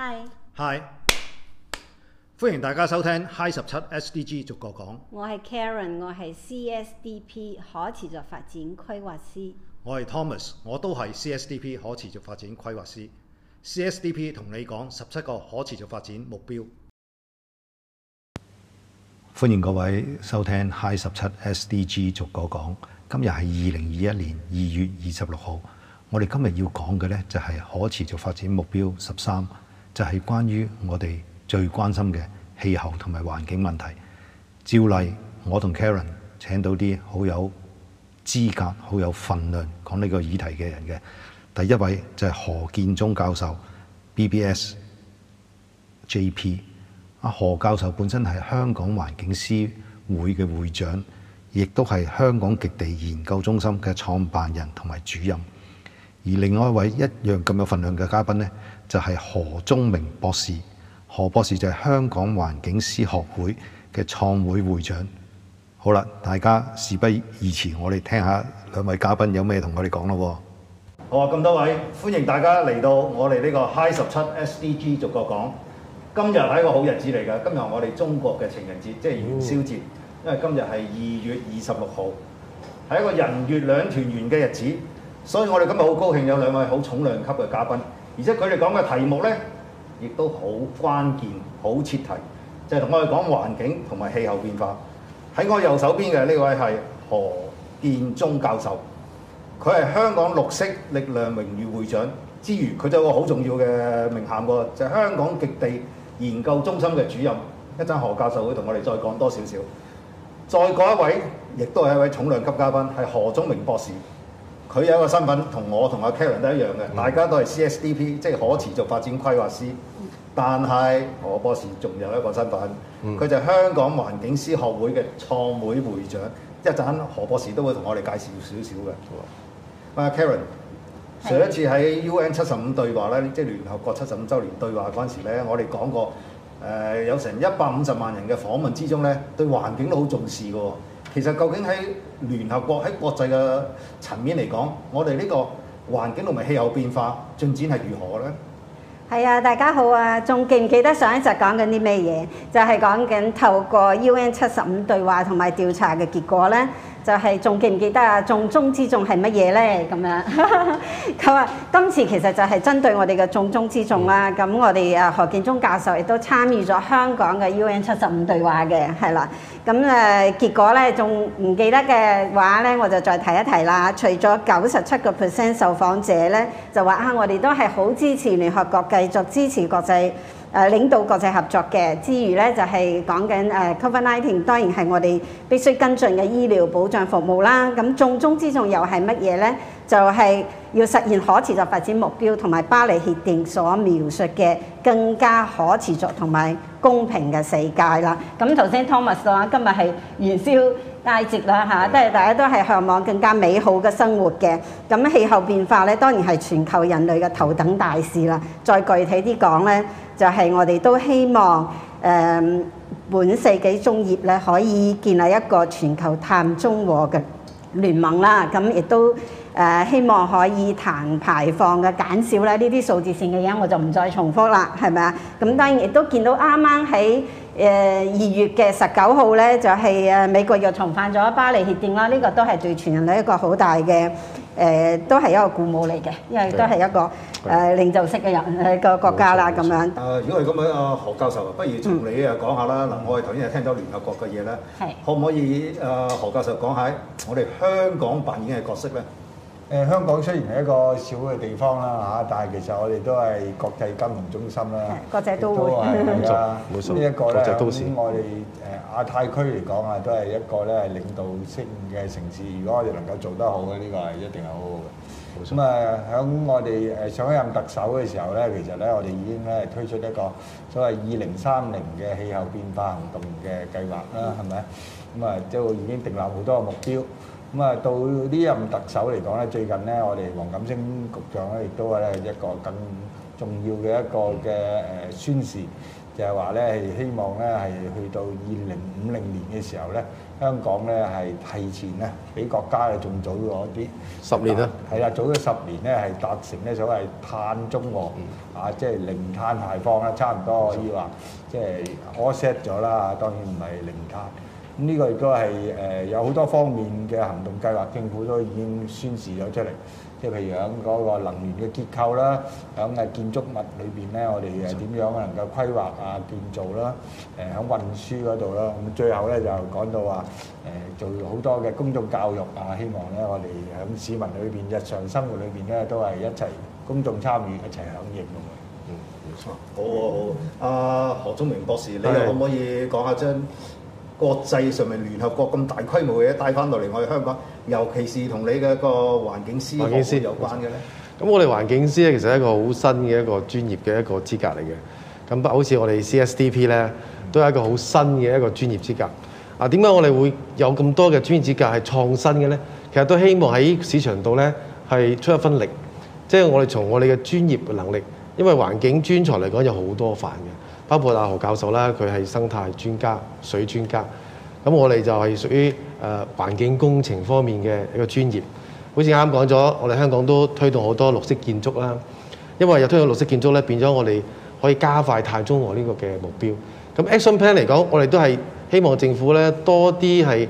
Hi. Hi，歡迎大家收聽《Hi 十七 SDG 逐個講》。我係 Karen，我係 CSDP 可持續發展規劃師。我係 Thomas，我都係 CSDP 可持續發展規劃師。CSDP 同你講十七個可持續發展目標。歡迎各位收聽《Hi 十七 SDG 逐個講》。今日係二零二一年二月二十六號，我哋今日要講嘅呢就係可持續發展目標十三。就係關於我哋最關心嘅氣候同埋環境問題。照例，我同 Karen 請到啲好有資格、好有份量講呢個議題嘅人嘅。第一位就係何建宗教授，BBS JP。何教授本身係香港環境師會嘅會長，亦都係香港極地研究中心嘅創辦人同埋主任。而另外一位一樣咁有份量嘅嘉賓呢，就係何忠明博士。何博士就係香港環境師學會嘅創會會長。好啦，大家事不宜遲，我哋聽下兩位嘉賓有咩同我哋講咯。好啊，咁多位歡迎大家嚟到我哋呢個 High 十七 SDG 逐個講。今日係一個好日子嚟㗎，今日我哋中國嘅情人節，即係元宵節，因為今日係二月二十六號，係一個人月兩團圓嘅日子。所以我哋今日好高興有兩位好重量級嘅嘉賓，而且佢哋講嘅題目呢，亦都好關鍵、好切題，就係同我哋講環境同埋氣候變化。喺我右手邊嘅呢位係何建宗教授，佢係香港綠色力量榮譽會長之餘，佢就有個好重要嘅名銜喎，就係香港極地研究中心嘅主任。一陣何教授會同我哋再講多少少。再過一位，亦都係一位重量級嘉賓，係何宗明博士。佢有一個身份同我同阿 Karen 都一樣嘅，大家都係 CSDP，即係可持續發展規劃師。但係何博士仲有一個身份，佢、嗯、就係香港環境師學會嘅創會會長。一陣何博士都會同我哋介紹少少嘅。喂 Karen，上一次喺 UN 七十五對話咧，即、就、係、是、聯合國七十五週年對話嗰陣時咧，我哋講過誒、呃、有成一百五十萬人嘅訪問之中咧，對環境都好重視嘅。其實究竟喺聯合國、喺國際嘅層面嚟講，我哋呢個環境同埋氣候變化進展係如何呢？係啊，大家好啊！仲記唔記得上一集講緊啲咩嘢？就係講緊透過 UN 七十五對話同埋調查嘅結果呢。就係、是、仲記唔記得啊？重中，中之重係乜嘢呢？咁樣咁啊！ 今次其實就係針對我哋嘅重中之重啦。咁、嗯啊、我哋啊何建中教授亦都參與咗香港嘅 UN 七十五對話嘅，係啦。咁、嗯、誒、啊、結果咧，仲唔記得嘅話咧，我就再提一提啦。除咗九十七個 percent 受訪者咧，就話啊，我哋都係好支持聯合國，繼續支持國際。誒領導國際合作嘅之餘咧，就係講緊誒 covertiting，當然係我哋必須跟進嘅醫療保障服務啦。咁重中之重又係乜嘢咧？就係要實現可持續發展目標同埋巴黎協定所描述嘅更加可持續同埋公平嘅世界啦。咁頭先 Thomas 話今日係元宵佳節啦嚇，即係大家都係嚮往更加美好嘅生活嘅。咁氣候變化咧，當然係全球人類嘅頭等大事啦。再具體啲講咧。就係我哋都希望誒、呃、本世紀中葉咧，可以建立一個全球碳中和嘅聯盟啦。咁亦都誒、呃、希望可以碳排放嘅減少啦。呢啲數字線嘅嘢我就唔再重複啦，係咪啊？咁當然亦都見到啱啱喺誒二月嘅十九號咧，就係、是、誒、呃、美國又重返咗巴黎協定啦。呢、這個都係對全人類一個好大嘅誒、呃，都係一個鼓舞嚟嘅，因為都係一個。誒領袖式嘅人喺個國家啦，咁 樣。誒，如果係咁樣，阿何教授啊，不如從你啊講下啦。嗱，嗯、我哋頭先係聽到聯合國嘅嘢啦，可唔是可以？誒、啊，何教授講下我哋香港扮演嘅角色咧？誒、呃，香港雖然係一個小嘅地方啦，嚇、啊，但係其實我哋都係國際金融中心啦。 國際都會都、嗯、啊，呢一個咧，咁我哋誒亞太區嚟講啊，都係一個咧領導性嘅城市。如果我哋能夠做得好咧，呢、呢個係一定係好好嘅。咁啊，喺我哋誒上一任特首嘅時候咧，其實咧我哋已經咧推出一個所謂二零三零嘅氣候變化行動嘅計劃啦，係咪？咁啊，即係已經定立好多嘅目標。咁啊，到呢任特首嚟講咧，最近咧，我哋黃錦星局長咧亦都咧一個更重要嘅一個嘅誒宣示，就係話咧係希望咧係去到二零五零年嘅時候咧。香港咧係提前咧，比國家啊仲早咗啲十年啊，係啊，早咗十年咧係達成咧所謂碳中和、嗯、啊，即、就、係、是、零碳排放啊，差唔多可以話即係 offset 咗啦。當然唔係零碳。咁呢個亦都係誒有好多方面嘅行動計劃，政府都已經宣示咗出嚟。即係譬如喺嗰個能源嘅結構啦，喺嘅建築物裏邊咧，我哋誒點樣能夠規劃啊、建造啦、誒喺運輸嗰度啦，咁最後咧就講到話誒做好多嘅公眾教育啊，希望咧我哋喺市民裏邊日常生活裏邊咧都係一齊公眾參與一齊響應咁樣。嗯，冇錯。好好好，阿、啊、何忠明博士，你可唔可以講下張？國際上面聯合國咁大規模嘅帶翻落嚟，我哋香港，尤其是同你嘅一個環境師有關嘅咧。咁我哋環境師咧，師其實係一個好新嘅一個專業嘅一個資格嚟嘅。咁不好似我哋 CSDP 咧，都係一個好新嘅一個專業資格。啊，點解我哋會有咁多嘅專業資格係創新嘅咧？其實都希望喺市場度咧係出一分力，即係我哋從我哋嘅專業能力，因為環境專才嚟講有好多範嘅。包括阿何教授啦，佢係生態專家、水專家。咁我哋就係屬於誒、呃、環境工程方面嘅一個專業。好似啱講咗，我哋香港都推動好多綠色建築啦。因為有推動綠色建築咧，變咗我哋可以加快碳中和呢個嘅目標。咁 Action Plan 嚟講，我哋都係希望政府咧多啲係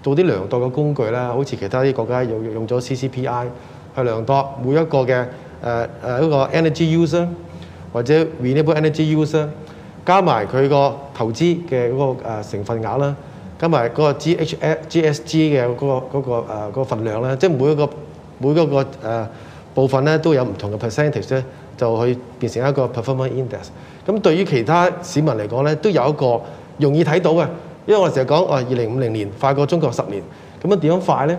做啲量度嘅工具啦。好似其他啲國家有用用咗 CCPI 去量度每一個嘅誒誒一個 Energy User 或者 Renewable Energy User。加埋佢個投資嘅嗰個誒成分額啦，加埋嗰個 GHSGSG 嘅嗰個嗰個誒個份量咧，即係每一個每一個、呃、部分咧都有唔同嘅 percentage 咧，就去變成一個 performance index。咁對於其他市民嚟講咧，都有一個容易睇到嘅，因為我成日講哦，二零五零年快過中國十年，咁樣點樣快咧？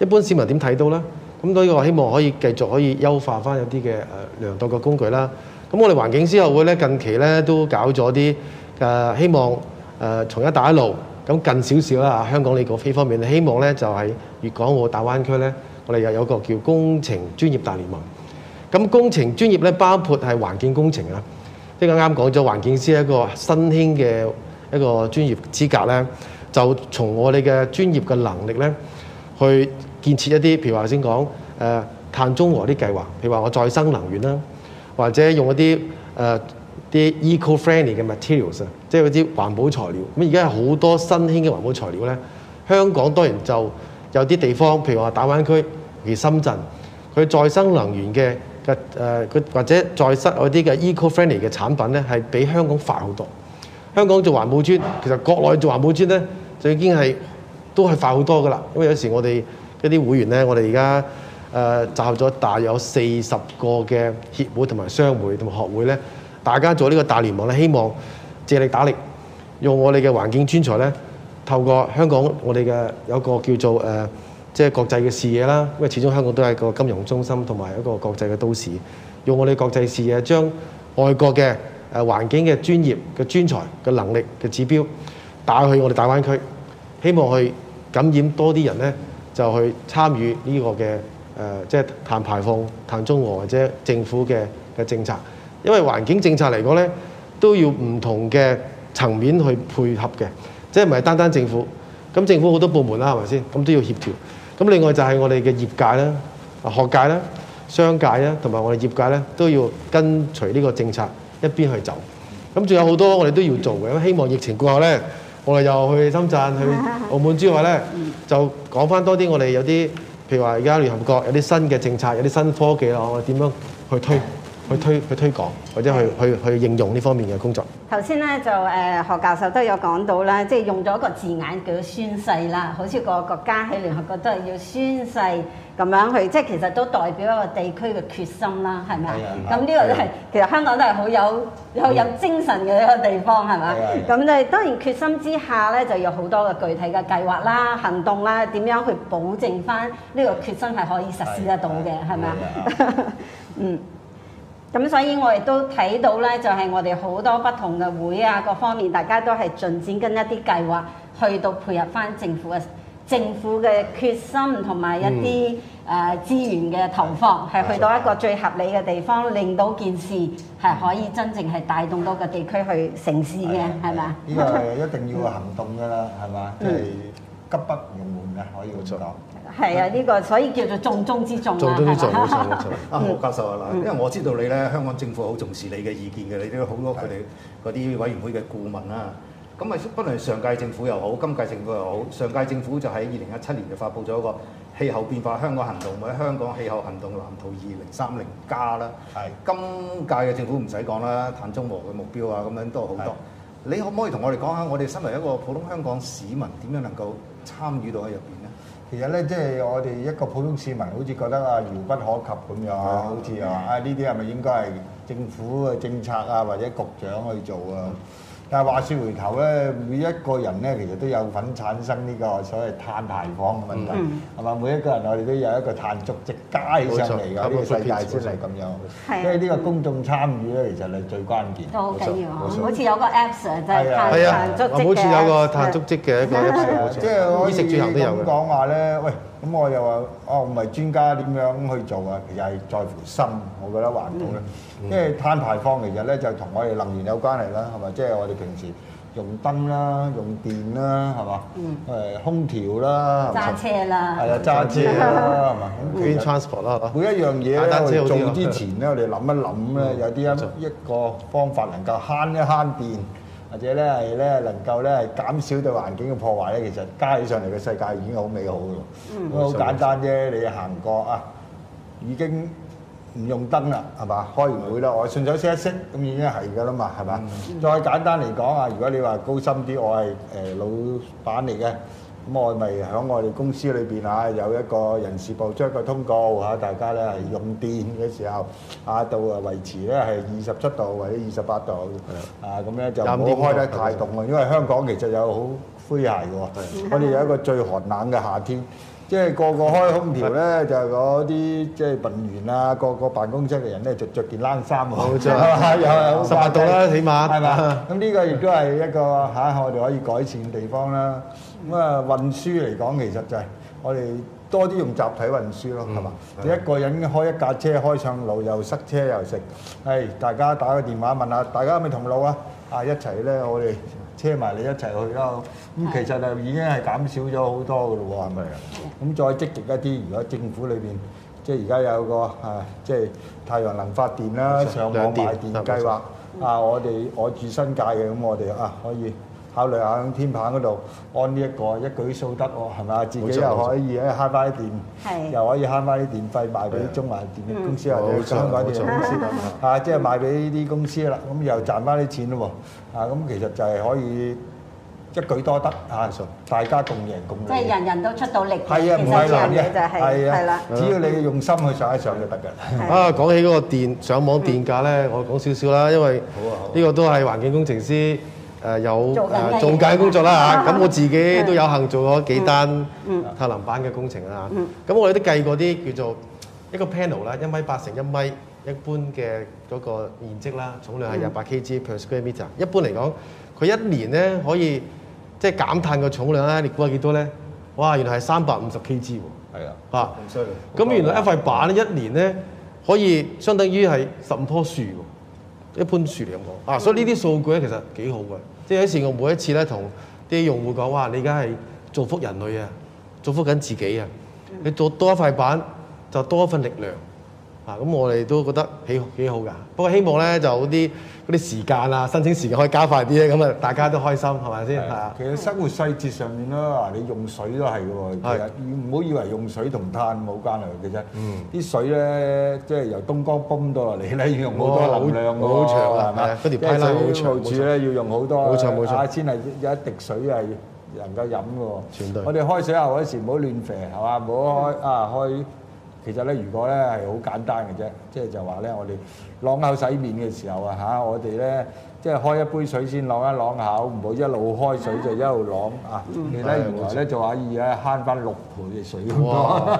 一般市民點睇到咧？咁所以我希望可以繼續可以優化翻有啲嘅誒量度嘅工具啦。咁我哋環境師友會咧近期咧都搞咗啲誒希望誒、呃、從一帶一路咁近少少啦，香港呢個非方面希望咧就喺粵港澳大灣區咧，我哋又有一個叫工程專業大聯盟。咁工程專業咧，包括係環境工程啦，即係啱啱講咗環境師一個新興嘅一個專業資格咧，就從我哋嘅專業嘅能力咧，去建設一啲，譬如話先講誒碳中和啲計劃，譬如話我再生能源啦。或者用一啲誒啲、呃、eco-friendly 嘅 materials，啊，即係嗰啲環保材料。咁而家有好多新興嘅環保材料咧，香港當然就有啲地方，譬如話大灣區，而深圳佢再生能源嘅嘅誒佢或者再生嗰啲嘅 eco-friendly 嘅產品咧，係比香港快好多。香港做環保磚，其實國內做環保磚咧，就已經係都係快好多噶啦。因為有時我哋一啲會員咧，我哋而家。誒、呃、集合咗大約有四十個嘅協會同埋商會同埋學會咧，大家做呢個大聯盟咧，希望借力打力，用我哋嘅環境專才咧，透過香港我哋嘅有一個叫做誒、呃，即係國際嘅視野啦。因為始終香港都係個金融中心同埋一個國際嘅都市，用我哋國際視野將外國嘅誒、呃、環境嘅專業嘅專才嘅能力嘅指標打去我哋大灣區，希望去感染多啲人咧，就去參與呢個嘅。誒、呃，即係碳排放、碳中和或者政府嘅嘅政策，因為環境政策嚟講呢都要唔同嘅層面去配合嘅，即係唔係單單政府，咁政府好多部門啦，係咪先？咁都要協調，咁另外就係我哋嘅業界啦、學界啦、商界啦，同埋我哋業界呢，都要跟隨呢個政策一邊去走，咁仲有好多我哋都要做嘅，希望疫情過後呢，我哋又去深圳、去澳門之外呢，就講返多啲我哋有啲。譬如話，而家聯合國有啲新嘅政策，有啲新科技咯，我哋點樣去推、去推、去推廣，或者去去去應用呢方面嘅工作。頭先咧就誒何教授都有講到啦，即係用咗一個字眼叫宣誓啦，好似個國家喺聯合國都係要宣誓咁樣去，即係其實都代表一個地區嘅決心啦，係咪？咁呢的個都係的其實香港都係好有有有精神嘅一個地方，係嘛？咁就係、當然決心之下咧，就有好多嘅具體嘅計劃啦、行動啦，點樣去保證翻呢個決心係可以實施得到嘅，係咪？是的 嗯。咁所以我亦都睇到咧，就係、是、我哋好多不同嘅會啊，各方面大家都係進展跟一啲計劃去到配合翻政府嘅政府嘅決心同埋一啲誒、嗯呃、資源嘅投放，係、嗯、去到一個最合理嘅地方，嗯、令到件事係可以真正係帶動多個地區去城市嘅，係嘛、嗯？呢個係一定要行動噶啦，係嘛、嗯？即係、就是、急不容緩嘅，可以做到。嗯係啊，呢、啊，這個所以叫做重中之重啦，做多啲重要嘅嘢。冇錯，冇錯。啊，莫教授啊，嗱，因為我知道你咧，香港政府好重視你嘅意見嘅，你都好多佢哋嗰啲委員會嘅顧問啦。咁啊，是的 不論上屆政府又好，今屆政府又好，上屆政府就喺二零一七年就發布咗一個氣候變化香港行動或者香港氣候行動藍圖二零三零加啦。係。是的 今屆嘅政府唔使講啦，碳中和嘅目標啊，咁樣都好多。是的 你可唔可以同我哋講下，我哋身為一個普通香港市民，點樣能夠參與到喺入邊？其實咧，即係我哋一個普通市民，好似覺得啊遙不可及咁樣，的好似話啊呢啲係咪應該係政府嘅政策啊，或者局長去做啊？但係話説回頭咧，每一個人咧其實都有份產生呢個所謂碳排放嘅問題，係嘛？每一個人我哋都有一個碳足跡加起上嚟㗎，呢個世界先係咁樣。即係呢個公眾參與咧，其實係最關鍵。都好緊要。好似有個 Apps 啊，真係碳足跡嘅。一即係我可以咁講話咧，喂。咁、嗯、我又話，哦唔係專家點樣去做啊？其實係在乎心，我覺得環保啦。嗯、因為碳排放其實咧就同我哋能源有關係啦，係咪？即、就、係、是、我哋平時用燈啦、用電啦，係嘛？嗯。誒，空調啦。揸車啦。係啊、哎，揸車啦，係嘛 Green transport 啦。每一樣嘢咧，我哋做之前咧，我哋諗一諗咧，有啲一一個方法能夠慳一慳電。或者咧係咧能夠咧減少對環境嘅破壞咧，其實加起上嚟嘅世界已經好美好嘅喎。好、嗯、簡單啫，嗯、你行過啊，已經唔用燈啦，係嘛？開完會啦，的我順手熄一熄，咁已經係㗎啦嘛，係嘛？嗯、再簡單嚟講啊，如果你話高深啲，我係誒、呃、老闆嚟嘅。咁我咪喺我哋公司裏邊嚇，有一個人事部出一個通告嚇，大家咧係用電嘅時候啊，度啊維持咧係二十七度或者二十八度的啊，咁咧就唔好開得太凍啊，的因為香港其實有好詼諧嘅喎，的我哋有一個最寒冷嘅夏天，即係個個開空調咧，就嗰啲即係文員啊，個個辦公室嘅人咧就着件冷衫好喎的， 有，有十八度啦，起碼，咁呢個亦都係一個嚇、啊、我哋可以改善嘅地方啦。咁啊，運輸嚟講，其實就係我哋多啲用集體運輸咯，係嘛、嗯？吧一個人開一架車開上路又塞車又食。係、哎、大家打個電話問下，大家係咪同路啊？啊，一齊咧，我哋車埋你一齊去啦。咁、嗯、其實啊，已經係減少咗好多噶咯喎，係咪啊的？咁再積極一啲，如果政府裏邊即係而家有個啊，即係太陽能發電啦，上網賣電計劃啊，我哋我住新界嘅，咁我哋啊可以。考慮下喺天棚嗰度安呢一個，一舉數得喎，係嘛？自己又可以嘅慳翻啲電，又可以慳翻啲電費賣俾中華電力公司啊，或者香港電力公司啊，即係賣俾呢啲公司啦。咁又賺翻啲錢喎。啊，咁其實就係可以一舉多得啊，屬大家共贏共榮。即係人人都出到力。係啊，唔係難嘅，係啊，只要你用心去上一上就得嘅啦。啊，講起嗰個電上網電價咧，我講少少啦，因為呢個都係環境工程師。誒有誒造價工作啦嚇，咁、啊嗯、我自己都有幸做咗幾單太能板嘅工程啊，咁、嗯、我哋都計過啲叫做一個 panel 啦，一米八乘一米，一般嘅嗰個面積啦，重量係廿八 kg per square meter。一般嚟講，佢一年咧可以即係、就是、減碳嘅重量咧，你估下幾多咧？哇，原來係三百五十 kg 喎。係的啊，嚇，咁原來一塊板一年咧可以相當於係十五棵樹喎，一樖樹嚟咁講。啊，所以呢啲數據咧其實幾好嘅。呢啲事我每一次咧同啲用戶講話，你而家係造福人類啊，造福緊自己啊，你做多一塊板就多一份力量。啊，咁我哋都覺得幾幾好噶，不過希望咧就好啲啲時間啊，申請時間可以加快啲咧，咁啊大家都開心係咪先？係啊，其實生活細節上面啦，你用水都係喎，其實唔好以為用水同碳冇關係嘅啫。嗯。啲水咧，即係由東江泵到落嚟咧，要用好多流量㗎喎，係咪？嗰條 pipe 好長住咧，要用好多。冇錯冇錯。先係一滴水係能夠飲㗎。我哋開水喉嗰時唔好亂肥，係嘛，唔好開啊開。其實咧，如果咧係好簡單嘅啫，即係就話、是、咧，我哋攞口洗面嘅時候啊，吓，我哋咧。即係開一杯水先，啷一啷口，唔好一路開水就一路啷啊！你睇原來咧做阿姨咧，慳翻六倍嘅水，所以，好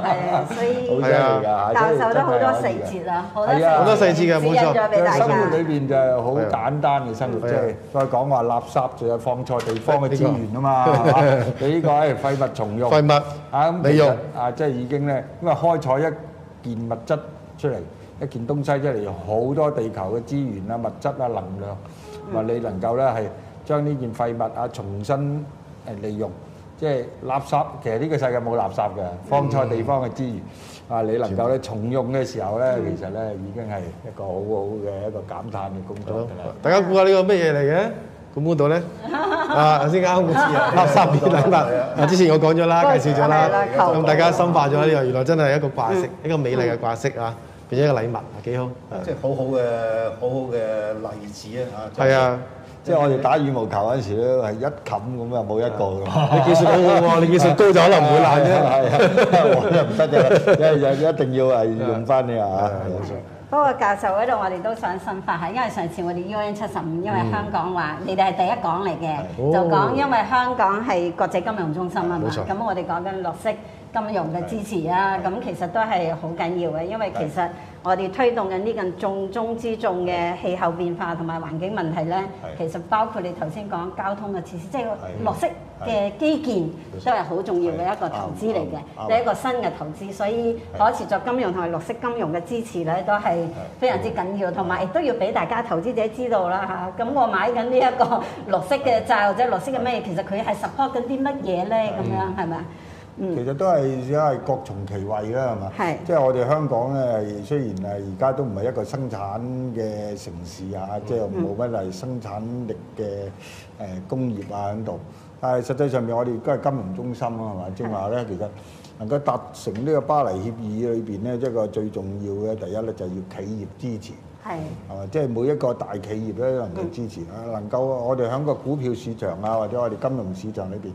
犀利㗎，教授都好多細節啊，好多細節嘅，冇錯。生活裏邊就係好簡單嘅生活啫。再講話垃圾仲有放錯地方嘅資源啊嘛，你呢個誒廢物重用，廢物啊咁利用啊，即係已經咧，因為開採一件物質出嚟，一件東西出嚟，好多地球嘅資源啊、物質啊、能量。話你能夠咧係將呢件廢物啊重新誒利用，即係垃圾其實呢個世界冇垃圾嘅，荒廢地方嘅資源啊，你能夠咧重用嘅時候咧，其實咧已經係一個好好嘅一個減碳嘅工作㗎啦。大家估下呢個咩嘢嚟嘅？估唔估到咧？啊，頭先啱講資源，垃圾變禮物。啊，之前我講咗啦，介紹咗啦，咁大家深化咗呢個，原來真係一個掛飾，一個美麗嘅掛飾啊！俾一個禮物係幾好，即係好好嘅好好嘅例子啊！係啊，即係我哋打羽毛球嗰時咧，係一冚咁啊，冇一個。你技術好好喎，你技術高就可能唔會難啫。係啊，我唔得嘅，一一定要係用翻你啊！冇錯。不過，教授喺度，我哋都想申發下，因為上次我哋 U N 七十五，因為香港話你哋係第一講嚟嘅，就講因為香港係國際金融中心啊嘛。冇錯。咁我哋講緊綠色。金融嘅支持啊，咁其實都係好緊要嘅，因為其實我哋推動緊呢個重中之重嘅氣候變化同埋環境問題咧，其實包括你頭先講交通嘅設施，即係綠色嘅基建都係好重要嘅一個投資嚟嘅，一個新嘅投資，所以可持續金融同埋綠色金融嘅支持咧，都係非常之緊要，同埋亦都要俾大家投資者知道啦嚇。咁我買緊呢一個綠色嘅債或者綠色嘅咩？其實佢係 support 緊啲乜嘢咧？咁樣係咪？嗯、其實都係而家各從其位啦，係嘛？即係是我哋香港咧，係雖然誒而家都唔係一個生產嘅城市啊，即係冇乜係生產力嘅誒工業啊喺度。但係實際上面，我哋都係金融中心啊，係嘛？正係話咧，其實能夠達成呢個巴黎協議裏邊咧，即、就、係、是、個最重要嘅第一咧，就係要企業支持。係是。係嘛？即、就、係、是、每一個大企業咧都能夠支持啊，嗯、能夠我哋喺個股票市場啊，或者我哋金融市場裏邊。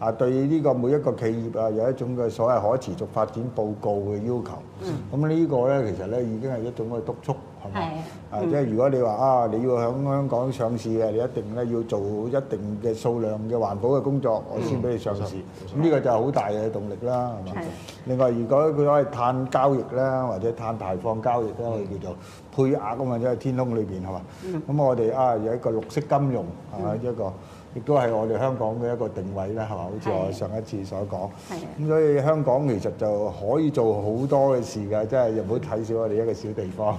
啊，對呢個每一個企業啊，有一種嘅所謂可持續發展報告嘅要求。嗯。咁呢個咧，其實咧已經係一種嘅督促，係咪的？係。啊，即係如果你話啊，你要響香港上市嘅，你一定咧要做一定嘅數量嘅環保嘅工作，mm. 我先俾你上市。咁呢錯個就係好大嘅動力啦，係嘛錯？的另外，如果佢可以碳交易啦，或者碳排放交易都可以叫做配額啊嘛，即係天空裏邊係嘛？咁、mm. 我哋啊有一個綠色金融啊、mm. 一個。一個亦都係我哋香港嘅一個定位啦，嚇，好似我上一次所講，咁的所以香港其實就可以做好多嘅事㗎，真係又唔好睇少我哋一個小地方。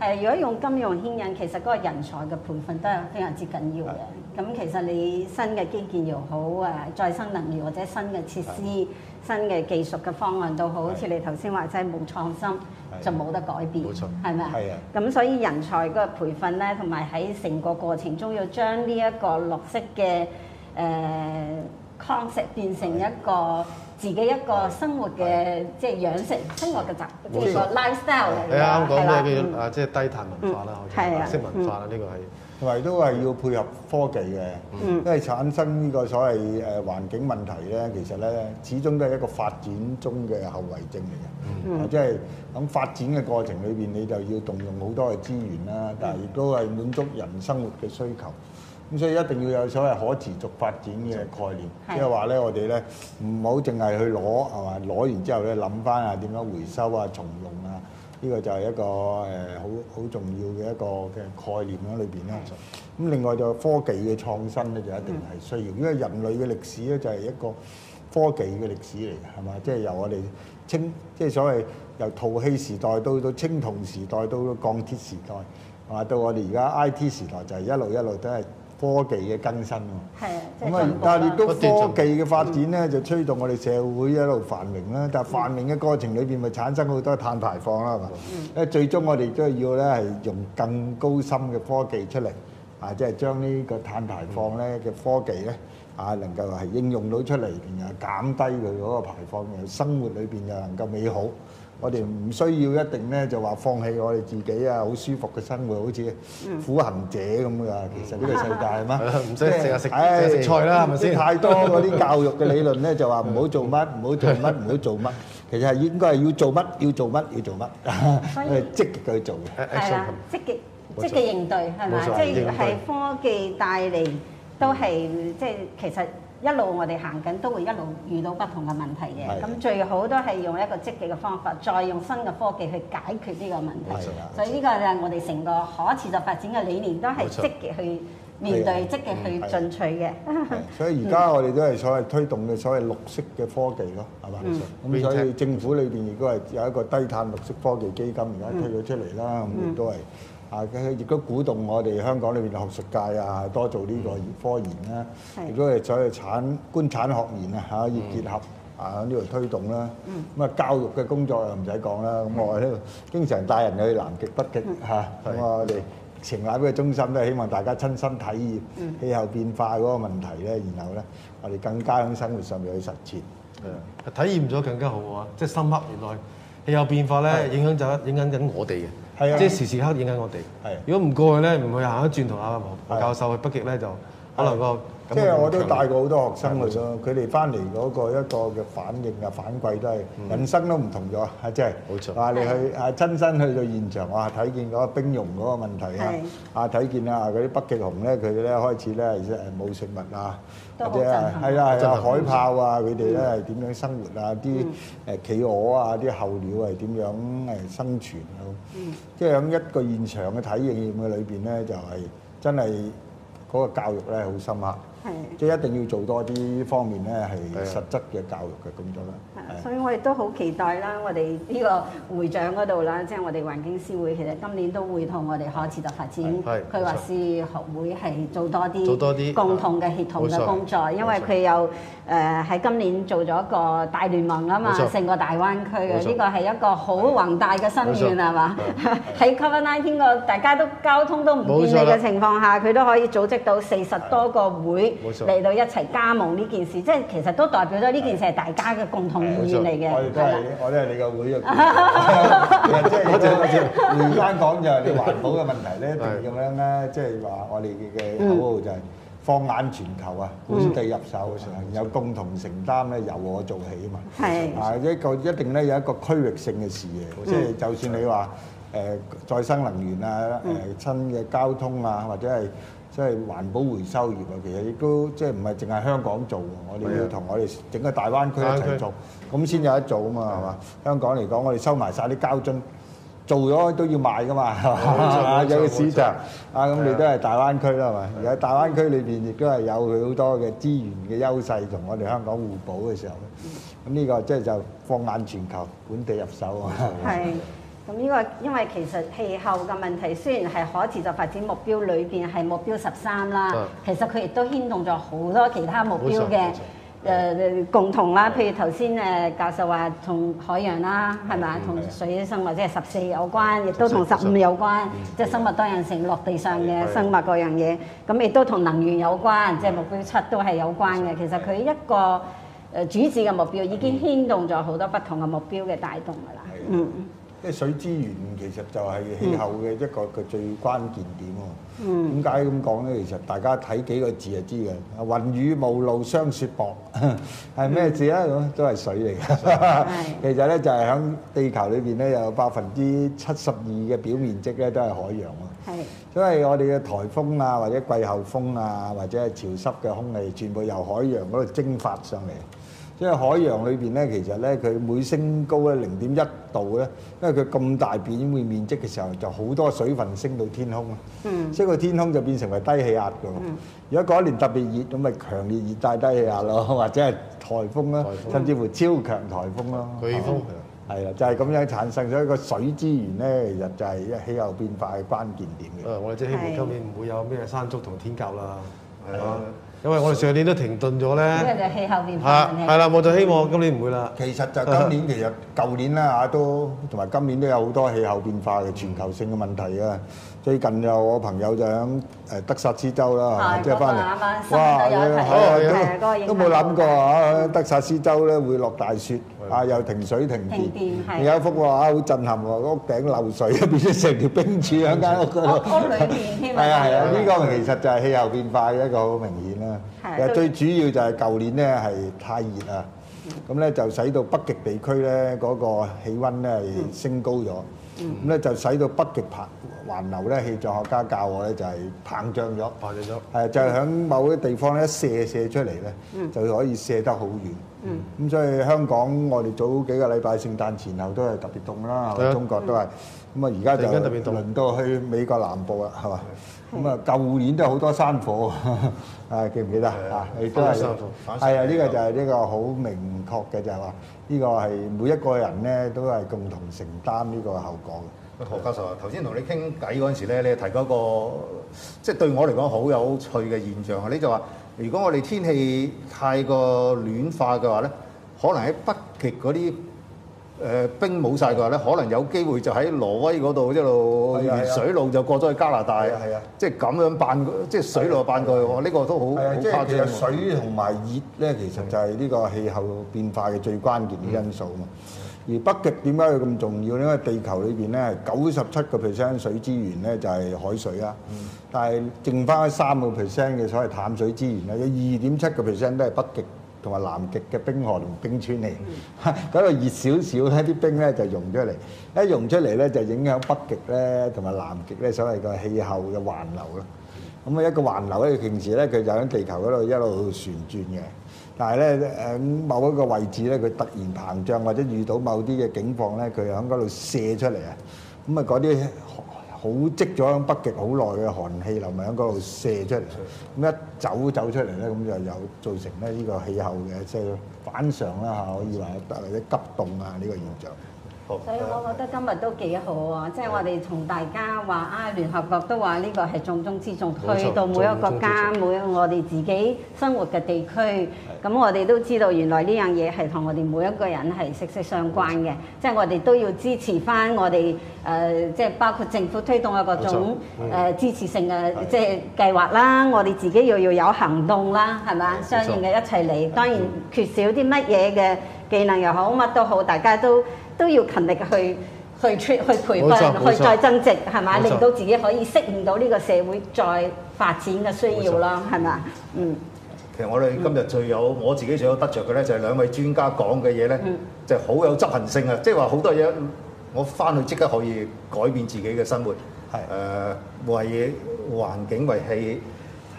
係， 如果用金融牽引，其實嗰個人才嘅培訓都係非常之緊要嘅。咁的其實你新嘅基建又好啊，再生能力或者新嘅設施。新嘅技術嘅方案都好似你頭先話，真係冇創新就冇得改變，冇錯，係咪啊？係啊。咁所以人才嗰個培訓咧，同埋喺成個過程中要將呢一個綠色嘅誒 concept 變成一個自己一個生活嘅即係養成生活嘅習，即係個 lifestyle。你啱講咩啊？即係低碳文化啦，可，綠色文化啦，呢個係。同埋都係要配合科技嘅，嗯、因為產生呢個所謂誒、呃、環境問題咧，其實咧始終都係一個發展中嘅後遺症嚟嘅，即係噉發展嘅過程裏邊，你就要動用好多嘅資源啦，但係亦都係滿足人生活嘅需求，咁所以一定要有所謂可持續發展嘅概念，即係話咧，我哋咧唔好淨係去攞係嘛，攞完之後咧諗翻啊點樣回收啊重用。呢個就係一個誒好好重要嘅一個嘅概念喺裏邊啦，咁另外就科技嘅創新咧就一定係需要，因為人類嘅歷史咧就係一個科技嘅歷史嚟嘅，係嘛？即係由我哋青，即係所謂由陶器時代到到青銅時代到到鋼鐵時代，係嘛？到我哋而家 IT 時代就係一路一路都係。科技嘅更新喎，咁啊但係亦都科技嘅發展咧，就推動我哋社會一路繁榮啦。但係繁榮嘅過程裏邊，咪產生好多碳排放啦嘛。因為最終我哋都要咧係用更高深嘅科技出嚟，啊即係將呢個碳排放咧嘅科技咧啊，能夠係應用到出嚟，然後減低佢嗰個排放，又生活裏邊又能夠美好。我哋唔需要一定咧，就話放棄我哋自己啊，好舒服嘅生活，好似苦行者咁㗎。其實呢個世界係咩？唔需要成日食，誒食菜啦，係咪先？太多嗰啲教育嘅理論咧，就話唔好做乜，唔好做乜，唔好做乜。其實係應該係要做乜，要做乜，要做乜，係積極去做嘅。係啦，積極積極應對係咪？即係科技帶嚟都係即係其實。一路我哋行緊都會一路遇到不同嘅問題嘅，咁的最好都係用一個積極嘅方法，再用新嘅科技去解決呢個問題。所以呢個就係我哋成個可持續發展嘅理念，都係積極去面對、的積極去進取嘅。 所以而家我哋都係所謂推動嘅所謂綠色嘅科技咯，係嘛？咁、嗯、所以政府裏邊亦都係有一個低碳綠色科技基金，而家推咗出嚟啦，咁亦都係。嗯嗯啊！亦都鼓動我哋香港裏邊嘅學術界啊，多做呢個科研啦，亦都係走去產官產學研啊嚇，要結合啊呢度推動啦。咁啊，教育嘅工作又唔使講啦。咁我喺度經常帶人去南極、北極嚇。咁啊，我哋成立呢個中心都係希望大家親身體驗氣候變化嗰個問題咧，然後咧我哋更加響生活上面去實踐。係啊，體驗咗更加好喎！即係深刻原來氣候變化咧影響就影響緊我哋嘅。係，即係時時刻影響我哋。係的，如果唔過去咧，唔去行一轉，同阿黃教授去北極咧，的就可能個。即係我都帶過好多學生去，咯，佢哋翻嚟嗰個一個嘅反應啊、反饋都係人生都唔同咗啊！真係，話你去啊，親身去到現場，哇，睇見嗰個冰融嗰個問題啊，啊，睇見啊嗰啲北極熊咧，佢哋咧開始咧係冇食物啊，或者係係啊海豹啊，佢哋咧係點樣生活啊？啲誒企鵝啊，啲候鳥係點樣誒生存啊？即係喺一個現場嘅體驗嘅裏邊咧，就係真係嗰個教育咧好深刻。即係一定要做多啲方面咧，係實質嘅教育嘅工作啦。係，所以我亦都好期待啦，我哋呢個會長嗰度啦，即係我哋環境師會其實今年都會同我哋可持續發展規劃師學會係做多啲共同嘅協同嘅工作。因為佢又誒喺今年做咗個大聯盟啊嘛，成個大灣區嘅呢個係一個好宏大嘅心願係嘛？喺 Cover Nineteen 個大家都交通都唔便利嘅情況下，佢都可以組織到四十多個會。嚟到一齊加盟呢件事，即係其實都代表咗呢件事係大家嘅共同意願嚟嘅。我哋都係，我哋係你個會啊！即係而家講就係你環保嘅問題咧，咁咩咧？即係話我哋嘅口號就係放眼全球啊，本地入手，有共同承擔咧，由我做起啊嘛。係啊，一個一定咧有一個區域性嘅事嘅，即係就算你話誒再生能源啊、誒新嘅交通啊，或者係。即係環保回收業啊，其實亦都即係唔係淨係香港做，我哋要同我哋整個大灣區一齊做，咁先有得做啊嘛，係嘛？香港嚟講，我哋收埋晒啲膠樽，做咗都要賣噶嘛，係嘛？有嘅市場，啊咁你都係大灣區啦，係嘛？而喺大灣區裏邊亦都係有佢好多嘅資源嘅優勢，同我哋香港互補嘅時候，咁呢個即係就放眼全球，本地入手啊。係。咁呢個因為其實氣候嘅問題雖然係可持續發展目標裏邊係目標十三啦，其實佢亦都牽動咗好多其他目標嘅誒共同啦。譬如頭先誒教授話同海洋啦，係咪？同水生或者係十四有關，亦都同十五有關，即係生物多樣性落地上嘅生物各樣嘢。咁亦都同能源有關，即係目標七都係有關嘅。其實佢一個誒主旨嘅目標已經牽動咗好多不同嘅目標嘅帶動㗎喇。嗯。即水資源其實就係氣候嘅一個嘅最關鍵點喎。點解咁講咧？其實大家睇幾個字就知嘅。雲雨霧露霜雪雹係咩 字咧？都係水嚟嘅。 其實咧就係、是、響地球裏邊咧有百分之七十二嘅表面積咧都係海洋啊。所以是我哋嘅颱風啊，或者季候風啊，或者係潮濕嘅空氣全部由海洋嗰度蒸發上嚟。即係海洋裏邊咧，其實咧，佢每升高咧零點一度咧，因為佢咁大表面面積嘅時候，就好多水分升到天空咯。嗯。即係個天空就變成為低氣壓㗎、嗯、如果嗰一年特別熱，咁咪強烈熱帶低氣壓咯，或者係颱風啦，風甚至乎超強颱風咯。颱風。係啦、嗯，就係、是、咁樣產生咗一個水資源咧，其實就係、是、氣候變化嘅關鍵點嘅。啊對！我哋即希望今年唔會有咩山竹同天鴿啦，係嘛？因為我哋上年都停頓咗咧，因為就氣候變化。係啦、啊，我就希望今年唔會啦。其實就今年 其實舊年啦嚇都同埋今年都有好多氣候變化嘅全球性嘅問題啊。最近有我朋友就喺誒德薩斯州啦，即係翻嚟。哇！好，都冇諗過啊，德薩斯州咧會落大雪啊，又停水停電，有一幅喎，啊，好震撼喎，屋頂漏水，變咗成條冰柱喺間屋嗰度。屋裏面。係啊係啊，呢個其實就係氣候變化嘅一個好明顯啦。其實最主要就係舊年咧係太熱啊，咁咧就使到北極地區咧嗰個氣温咧升高咗。咁咧、嗯、就使到北極環環流咧，氣象學家教我咧就係、是、膨脹咗，膨脹咗，係就係響某啲地方咧射一射出嚟咧，嗯、就可以射得好遠。咁、嗯、所以香港我哋早幾個禮拜聖誕前後都係特別凍啦，嗯、我中國都係。咁啊而家就輪到去美國南部啦，係嘛、嗯？咁啊！舊、嗯、年都有好多山火啊， 記唔記得啊？亦都係係啊！呢個就係呢個好明確嘅，就係話呢個係每一個人咧都係共同承擔呢個後果嘅。何教授啊，頭先同你傾偈嗰陣時咧，你提嗰個即係、就是、對我嚟講好有趣嘅現象啊！你就話如果我哋天氣太過暖化嘅話咧，可能喺北極嗰啲。誒冰冇晒嘅話咧，可能有機會就喺挪威嗰度一路水路就過咗去加拿大，即係咁樣辦即係水路辦過去。呢個都好即係其實水同埋熱咧，其實就係呢個氣候變化嘅最關鍵嘅因素啊。而北極點解會咁重要咧？因為地球裏邊咧，九十七個 percent 水資源咧就係海水啊，但係剩翻三個 percent 嘅所謂淡水資源咧，有二點七個 percent 都係北極。同埋南極嘅冰河同冰川嚟，嗰度熱少少咧，啲冰咧就溶出嚟，一溶出嚟咧就影響北極咧同埋南極咧所謂個氣候嘅環流咯。咁啊一個環流咧，平時咧佢就喺地球嗰度一路旋轉嘅，但係咧喺某一個位置咧，佢突然膨脹或者遇到某啲嘅景況咧，佢喺嗰度射出嚟啊，咁啊嗰啲。好積咗喺北極好耐嘅寒氣流咪喺嗰度射出嚟，咁的一走走出嚟咧，咁就有造成咧呢個氣候嘅即係反常啦，嚇，可以話帶嚟啲急凍啊呢個現象。所以我覺得今日都幾好啊！即係我哋同大家話啊，聯合國都話呢個係重中之重。去到每一個國家，每一我哋自己生活嘅地區，咁我哋都知道原來呢樣嘢係同我哋每一個人係息息相關嘅。即係我哋都要支持返我哋誒，即係包括政府推動嘅各種誒支持性嘅即係計劃啦。我哋自己又要有行動啦，係嘛？相應嘅一齊嚟。當然缺少啲乜嘢嘅技能又好，乜都好，大家都。都要勤力去去出去培訓，錯去再增值，係咪錯令到自己可以適應到呢個社會再發展嘅需要咯，係咪錯？嗯。其實我哋今日最有、嗯、我自己最有得着嘅咧，就係兩位專家講嘅嘢咧，就係好有執行性啊！即係話好多嘢，我翻去即刻可以改變自己嘅生活，係誒的、呃、為環境為氣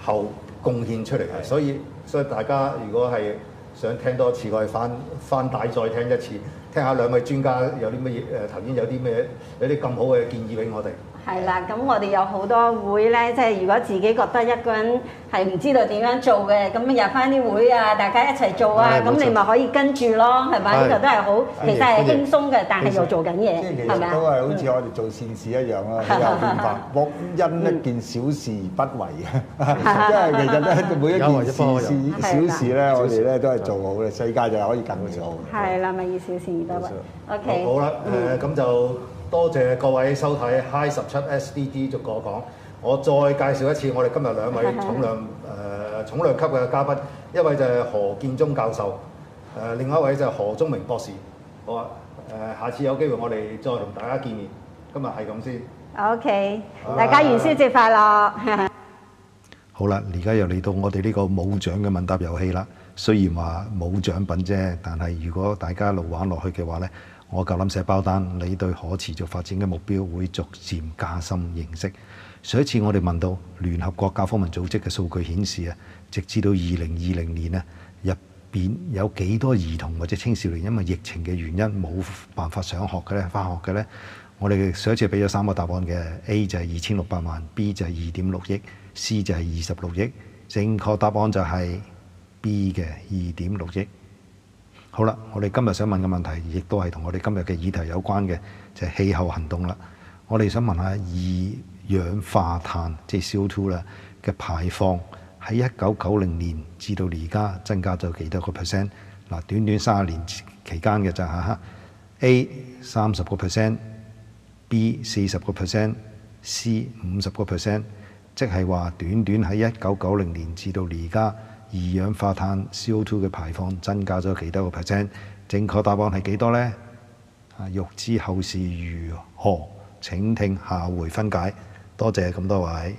候貢獻出嚟的。所以所以大家如果係想聽多次，可以翻翻帶再聽一次。聽下兩位專家有啲乜嘢？誒頭先有啲咩有啲咁好嘅建議俾我哋。係啦，咁我哋有好多會咧，即係如果自己覺得一個人係唔知道點樣做嘅，咁入翻啲會啊，大家一齊做啊，咁你咪可以跟住咯，係咪？呢度都係好，其實係輕鬆嘅，但係又做緊嘢，係咪？都係好似我哋做善事一樣咯，又化，白，因一件小事而不為啊，因為其實咧每一件小事、小事咧，我哋咧都係做好嘅，世界就可以更美好。係啦，咪以小事而不為。OK，好啦，誒咁就。多謝各位收睇 Hi 十七 SDD 逐個講，我再介紹一次我哋今日兩位重量誒重量級嘅嘉賓，一位就係何建中教授，誒另一位就係何忠明博士，好啊，誒下次有機會我哋再同大家見面，今日係咁先。OK，大家元宵節快樂。好啦，而家又嚟到我哋呢個冇獎嘅問答遊戲啦。雖然話冇獎品啫，但係如果大家一路玩落去嘅話咧。我夠諗寫包單，你對可持續發展嘅目標會逐漸加深認識。上一次我哋問到聯合國教科文組織嘅數據顯示啊，直至到二零二零年啊，入邊有幾多兒童或者青少年因為疫情嘅原因冇辦法學呢上學嘅咧、返學嘅咧？我哋上一次畀咗三個答案嘅，A 就係二千六百萬，B 就係二點六億，C 就係二十六億。正確答案就係 B 嘅二點六億。好啦，我哋今日想問嘅問題，亦都係同我哋今日嘅議題有關嘅，就係、是、氣候行動啦。我哋想問下二氧化碳，即係 CO2 啦嘅排放，喺一九九零年至到而家增加咗幾多個 percent？嗱，短短三十年期間嘅咋嚇 A 三十個 percent，B 四十個 percent，C 五十個 percent，即係話短短喺一九九零年至到而家。二氧化碳 CO2 嘅排放增加咗幾多個 percent？正確答案係幾多咧？欲知後事如何，請聽下回分解。多謝咁多位。